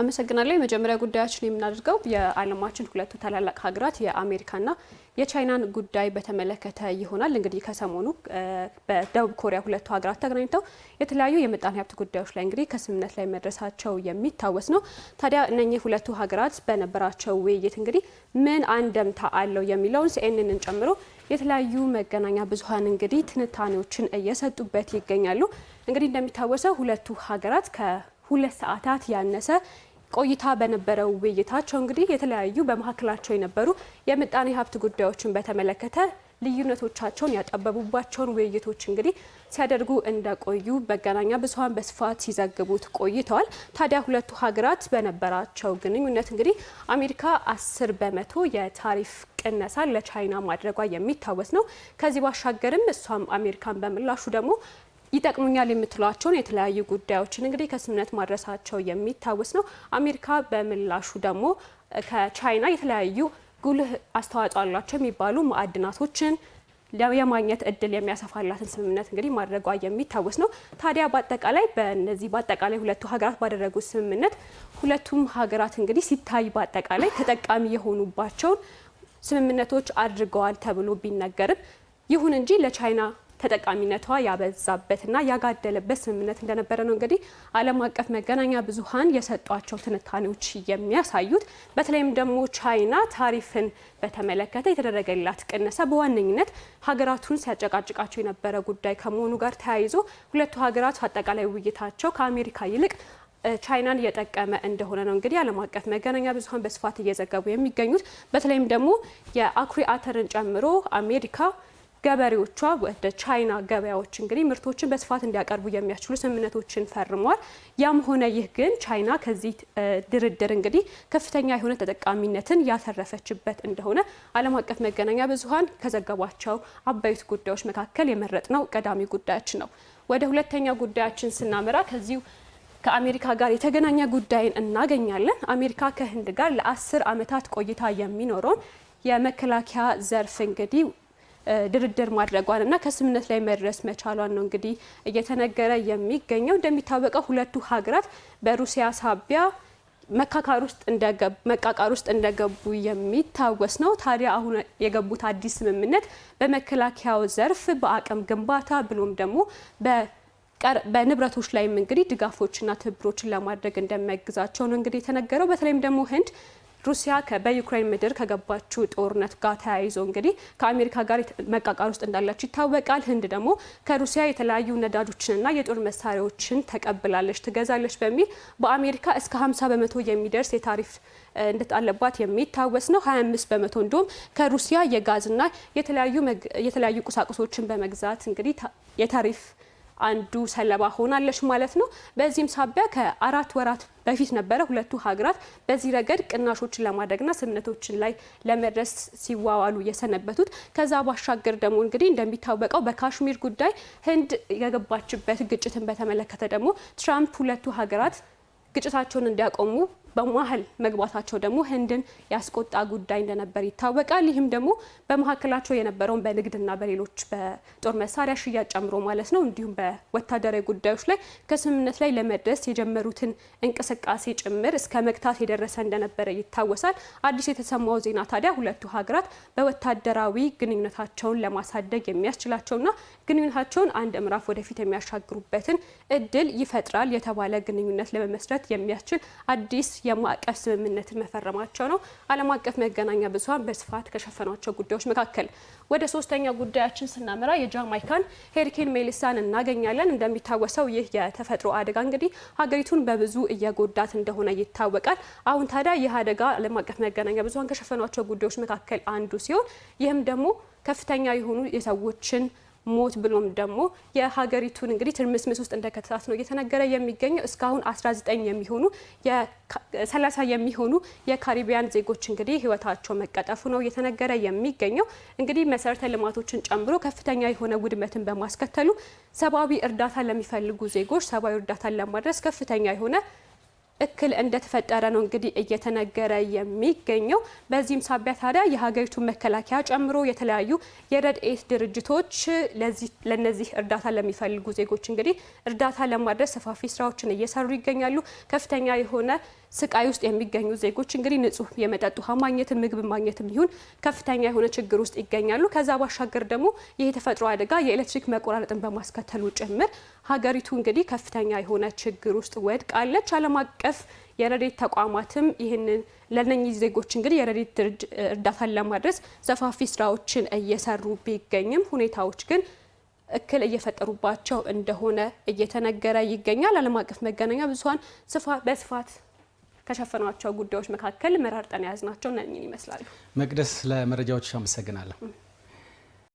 አመሰግናለሁ። የመጀመሪያ ጉዳያችን የምናደርገው የዓለማችን ሁለቱ ታላላቅ ሀገራት የአሜሪካና የቻይናን ጉዳይ በተመለከተ ይሆናል። እንግዲህ ከሰሞኑ በደቡብ ኮሪያ ሁለቱ ሀገራት ተገናኝተው የተለያዩ የምጣኔ ሀብት ጉዳዮች ላይ እንግዲህ ከስምምነት ላይ መድረሳቸው የሚታወስ ነው። ታዲያ እነኚህ ሁለቱ ሀገራት በነበራቸው ውይይት እንግዲህ ምን አንደምታ አለው የሚለውን ሲኤንኤንን ጨምሮ የተለያዩ መገናኛ ብዙሀን እንግዲህ ትንታኔዎችን እየሰጡበት ይገኛሉ። እንግዲህ እንደሚታወሰው ሁለቱ ሀገራት ከሁለት ሰዓታት ያነሰ ቆይታ በነበረው ውይይታቸው እንግዲህ የተለያዩ በመካከላቸው የነበሩ የምጣኔ ሀብት ጉዳዮችን በተመለከተ ልዩነቶቻቸውን ያጠበቡባቸውን ውይይቶች እንግዲህ ሲያደርጉ እንደቆዩ መገናኛ ብዙኃን በስፋት ሲዘግቡት ቆይተዋል። ታዲያ ሁለቱ ሀገራት በነበራቸው ግንኙነት እንግዲህ አሜሪካ አስር በመቶ የታሪፍ ቅነሳ ለቻይና ማድረጓ የሚታወስ ነው። ከዚህ ባሻገርም እሷም አሜሪካን በምላሹ ደግሞ ይጠቅሙኛል የምትሏቸውን የተለያዩ ጉዳዮችን እንግዲህ ከስምነት ማድረሳቸው የሚታወስ ነው። አሜሪካ በምላሹ ደግሞ ከቻይና የተለያዩ ጉልህ አስተዋጽኦ አላቸው የሚባሉ ማዕድናቶችን የማግኘት እድል የሚያሰፋላትን ስምምነት እንግዲህ ማድረጓ የሚታወስ ነው። ታዲያ በአጠቃላይ በነዚህ በአጠቃላይ ሁለቱ ሀገራት ባደረጉት ስምምነት ሁለቱም ሀገራት እንግዲህ ሲታይ በአጠቃላይ ተጠቃሚ የሆኑባቸውን ስምምነቶች አድርገዋል ተብሎ ቢነገርም ይሁን እንጂ ለቻይና ተጠቃሚነቷ ያበዛበትና ያጋደለበት ስምምነት እንደነበረ ነው እንግዲህ ዓለም አቀፍ መገናኛ ብዙሃን የሰጧቸው ትንታኔዎች የሚያሳዩት። በተለይም ደግሞ ቻይና ታሪፍን በተመለከተ የተደረገላት ቅነሳ በዋነኝነት ሀገራቱን ሲያጨቃጭቃቸው የነበረ ጉዳይ ከመሆኑ ጋር ተያይዞ ሁለቱ ሀገራት አጠቃላይ ውይይታቸው ከአሜሪካ ይልቅ ቻይናን እየጠቀመ እንደሆነ ነው እንግዲህ ዓለም አቀፍ መገናኛ ብዙሀን በስፋት እየዘገቡ የሚገኙት። በተለይም ደግሞ የአኩሪ አተርን ጨምሮ አሜሪካ ገበሬዎቿ ወደ ቻይና ገበያዎች እንግዲህ ምርቶችን በስፋት እንዲያቀርቡ የሚያስችሉ ስምምነቶችን ፈርሟል። ያም ሆነ ይህ ግን ቻይና ከዚህ ድርድር እንግዲህ ከፍተኛ የሆነ ተጠቃሚነትን ያተረፈችበት እንደሆነ ዓለም አቀፍ መገናኛ ብዙኃን ከዘገቧቸው አበይት ጉዳዮች መካከል የመረጥነው ቀዳሚ ጉዳያችን ነው። ወደ ሁለተኛ ጉዳያችን ስናመራ ከዚሁ ከአሜሪካ ጋር የተገናኘ ጉዳይን እናገኛለን። አሜሪካ ከህንድ ጋር ለአስር ዓመታት ቆይታ የሚኖረውን የመከላከያ ዘርፍ እንግዲህ ድርድር ማድረጓን እና ከስምምነት ላይ መድረስ መቻሏን ነው እንግዲህ እየተነገረ የሚገኘው። እንደሚታወቀው ሁለቱ ሀገራት በሩሲያ ሳቢያ መካካር ውስጥ እንደገቡ መቃቃር ውስጥ እንደገቡ የሚታወስ ነው። ታዲያ አሁን የገቡት አዲስ ስምምነት በመከላከያው ዘርፍ በአቅም ግንባታ ብሎም ደግሞ በንብረቶች ላይም እንግዲህ ድጋፎችና ትብብሮችን ለማድረግ እንደሚያግዛቸው ነው እንግዲህ የተነገረው። በተለይም ደግሞ ህንድ ሩሲያ በዩክሬን ምድር ከገባችው ጦርነት ጋር ተያይዞ እንግዲህ ከአሜሪካ ጋር መቃቃር ውስጥ እንዳላች ይታወቃል። ህንድ ደግሞ ከሩሲያ የተለያዩ ነዳጆችንና የጦር መሳሪያዎችን ተቀብላለች፣ ትገዛለች በሚል በአሜሪካ እስከ 50 በመቶ የሚደርስ የታሪፍ እንድጣለባት የሚታወስ ነው። 25 በመቶ እንዲሁም ከሩሲያ የጋዝና የተለያዩ ቁሳቁሶችን በመግዛት እንግዲህ የታሪፍ አንዱ ሰለባ ሆናለች ማለት ነው። በዚህም ሳቢያ ከአራት ወራት በፊት ነበረ ሁለቱ ሀገራት በዚህ ረገድ ቅናሾችን ለማድረግና ስምምነቶችን ላይ ለመድረስ ሲዋዋሉ የሰነበቱት። ከዛ ባሻገር ደግሞ እንግዲህ እንደሚታወቀው በካሽሚር ጉዳይ ህንድ የገባችበት ግጭትን በተመለከተ ደግሞ ትራምፕ ሁለቱ ሀገራት ግጭታቸውን እንዲያቆሙ በመሀል መግባታቸው ደግሞ ህንድን ያስቆጣ ጉዳይ እንደነበር ይታወቃል። ይህም ደግሞ በመካከላቸው የነበረውን በንግድና በሌሎች በጦር መሳሪያ ሽያጭ ጨምሮ ማለት ነው እንዲሁም በወታደራዊ ጉዳዮች ላይ ከስምምነት ላይ ለመድረስ የጀመሩትን እንቅስቃሴ ጭምር እስከ መግታት የደረሰ እንደነበረ ይታወሳል። አዲስ የተሰማው ዜና ታዲያ ሁለቱ ሀገራት በወታደራዊ ግንኙነታቸውን ለማሳደግ የሚያስችላቸውና ግንኙነታቸውን አንድ ምዕራፍ ወደፊት የሚያሻግሩበትን እድል ይፈጥራል የተባለ ግንኙነት ለመመስረት የሚያስችል አዲስ የማዕቀፍ ስምምነትን መፈረማቸው ነው። ዓለም አቀፍ መገናኛ ብዙሃን በስፋት ከሸፈኗቸው ጉዳዮች መካከል ወደ ሶስተኛ ጉዳያችን ስናመራ የጃማይካን ሄሪኬን ሜሊሳን እናገኛለን። እንደሚታወሰው ይህ የተፈጥሮ አደጋ እንግዲህ ሀገሪቱን በብዙ እየጎዳት እንደሆነ ይታወቃል። አሁን ታዲያ ይህ አደጋ ዓለም አቀፍ መገናኛ ብዙኃን ከሸፈኗቸው ጉዳዮች መካከል አንዱ ሲሆን ይህም ደግሞ ከፍተኛ የሆኑ የሰዎችን ሞት ብሎም ደግሞ የሀገሪቱን እንግዲህ ትርምስምስ ውስጥ እንደከተታት ነው እየተነገረ የሚገኘው። እስካሁን 19 የሚሆኑ 30 የሚሆኑ የካሪቢያን ዜጎች እንግዲህ ህይወታቸው መቀጠፉ ነው እየተነገረ የሚገኘው። እንግዲህ መሰረተ ልማቶችን ጨምሮ ከፍተኛ የሆነ ውድመትን በማስከተሉ ሰብአዊ እርዳታ ለሚፈልጉ ዜጎች ሰብአዊ እርዳታን ለማድረስ ከፍተኛ የሆነ እክል እንደተፈጠረ ነው እንግዲህ እየተነገረ የሚገኘው። በዚህም ሳቢያ ታዲያ የሀገሪቱን መከላከያ ጨምሮ የተለያዩ የረድኤት ድርጅቶች ለነዚህ እርዳታ ለሚፈልጉ ዜጎች እንግዲህ እርዳታ ለማድረስ ሰፋፊ ስራዎችን እየሰሩ ይገኛሉ። ከፍተኛ የሆነ ስቃይ ውስጥ የሚገኙ ዜጎች እንግዲህ ንጹህ የመጠጥ ውሃ ምግብ ማግኘትም ይሁን ከፍተኛ የሆነ ችግር ውስጥ ይገኛሉ። ከዛ ባሻገር ደግሞ ይህ የተፈጥሮ አደጋ የኤሌክትሪክ መቆራረጥን በማስከተሉ ጭምር ሀገሪቱ እንግዲህ ከፍተኛ የሆነ ችግር ውስጥ ወድቃለች። ዓለም አቀፍ አቀፍ የረዴት ተቋማትም ይህንን ለነኚህ ዜጎች እንግዲህ የረዴት እርዳታን ለማድረስ ሰፋፊ ስራዎችን እየሰሩ ቢገኝም ሁኔታዎች ግን እክል እየፈጠሩባቸው እንደሆነ እየተነገረ ይገኛል። ዓለም አቀፍ መገናኛ ብዙኃን በስፋት ከሸፈኗቸው ጉዳዮች መካከል መራርጠን የያዝናቸው እነኚህን ይመስላሉ። መቅደስ፣ ለመረጃዎች አመሰግናለሁ።